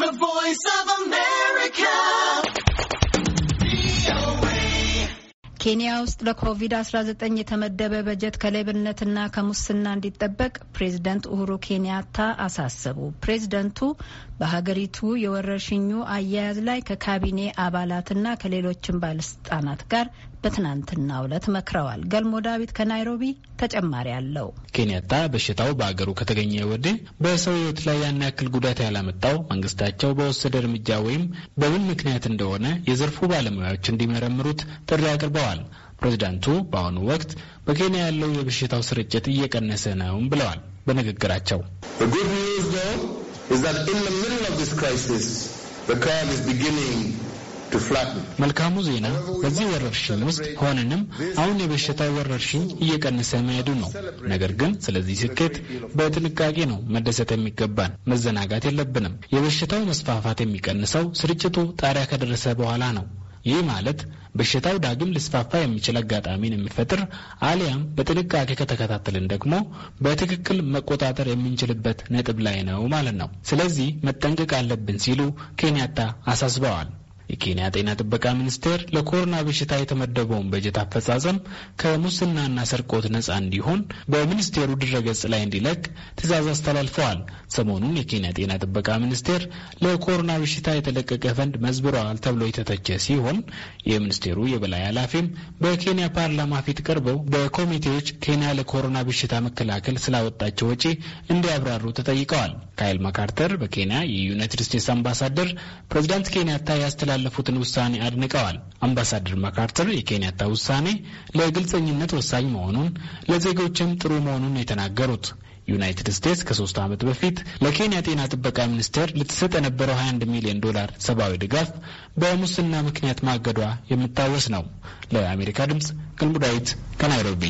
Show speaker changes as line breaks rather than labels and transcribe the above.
The Voice of America. ኬንያ ውስጥ ለኮቪድ-19 የተመደበ በጀት ከሌብነትና ከሙስና እንዲጠበቅ ፕሬዝደንት ኡሁሩ ኬንያታ አሳሰቡ። ፕሬዝደንቱ በሀገሪቱ የወረርሽኙ አያያዝ ላይ ከካቢኔ አባላትና ከሌሎችም ባለስልጣናት ጋር በትናንትናው ዕለት መክረዋል። ገልሞ ዳዊት ከናይሮቢ ተጨማሪ አለው።
ኬንያታ በሽታው በአገሩ ከተገኘ ወዲህ በሰው ሕይወት ላይ ያን ያክል ጉዳት ያላመጣው መንግስታቸው በወሰደ እርምጃ ወይም በምን ምክንያት እንደሆነ የዘርፉ ባለሙያዎች እንዲመረምሩት ጥሪ አቅርበዋል። ፕሬዚዳንቱ በአሁኑ ወቅት በኬንያ ያለው የበሽታው ስርጭት እየቀነሰ ነውም ብለዋል በንግግራቸው መልካሙ ዜና በዚህ ወረርሽኝ ውስጥ ሆነንም አሁን የበሽታው ወረርሽኝ እየቀነሰ መሄዱ ነው። ነገር ግን ስለዚህ ስኬት በጥንቃቄ ነው መደሰት የሚገባን፣ መዘናጋት የለብንም። የበሽታው መስፋፋት የሚቀንሰው ስርጭቱ ጣሪያ ከደረሰ በኋላ ነው። ይህ ማለት በሽታው ዳግም ሊስፋፋ የሚችል አጋጣሚን የሚፈጥር አሊያም በጥንቃቄ ከተከታተልን ደግሞ በትክክል መቆጣጠር የምንችልበት ነጥብ ላይ ነው ማለት ነው። ስለዚህ መጠንቀቅ አለብን ሲሉ ኬንያታ አሳስበዋል። የኬንያ ጤና ጥበቃ ሚኒስቴር ለኮሮና በሽታ የተመደበውን በጀት አፈጻጸም ከሙስናና ሰርቆት ነፃ እንዲሆን በሚኒስቴሩ ድረገጽ ላይ እንዲለቅ ትዕዛዝ አስተላልፈዋል። ሰሞኑን የኬንያ ጤና ጥበቃ ሚኒስቴር ለኮሮና በሽታ የተለቀቀ ፈንድ መዝብረዋል ተብሎ የተተቸ ሲሆን የሚኒስቴሩ የበላይ ኃላፊም በኬንያ ፓርላማ ፊት ቀርበው በኮሚቴዎች ኬንያ ለኮሮና በሽታ መከላከል ስላወጣቸው ወጪ እንዲያብራሩ ተጠይቀዋል። ካይል ማካርተር በኬንያ የዩናይትድ ስቴትስ አምባሳደር ፕሬዚዳንት ኬንያታ ያስተላ ያስተላለፉትን ውሳኔ አድንቀዋል። አምባሳደር ማካርተር የኬንያታ ውሳኔ ለግልጸኝነት ወሳኝ መሆኑን ለዜጎችም ጥሩ መሆኑን የተናገሩት ዩናይትድ ስቴትስ ከሶስት ዓመት በፊት ለኬንያ ጤና ጥበቃ ሚኒስቴር ልትሰጥ የነበረው 21 ሚሊዮን ዶላር ሰብአዊ ድጋፍ በሙስና ምክንያት ማገዷ የሚታወስ ነው። ለአሜሪካ ድምፅ ገልሙዳዊት ከናይሮቢ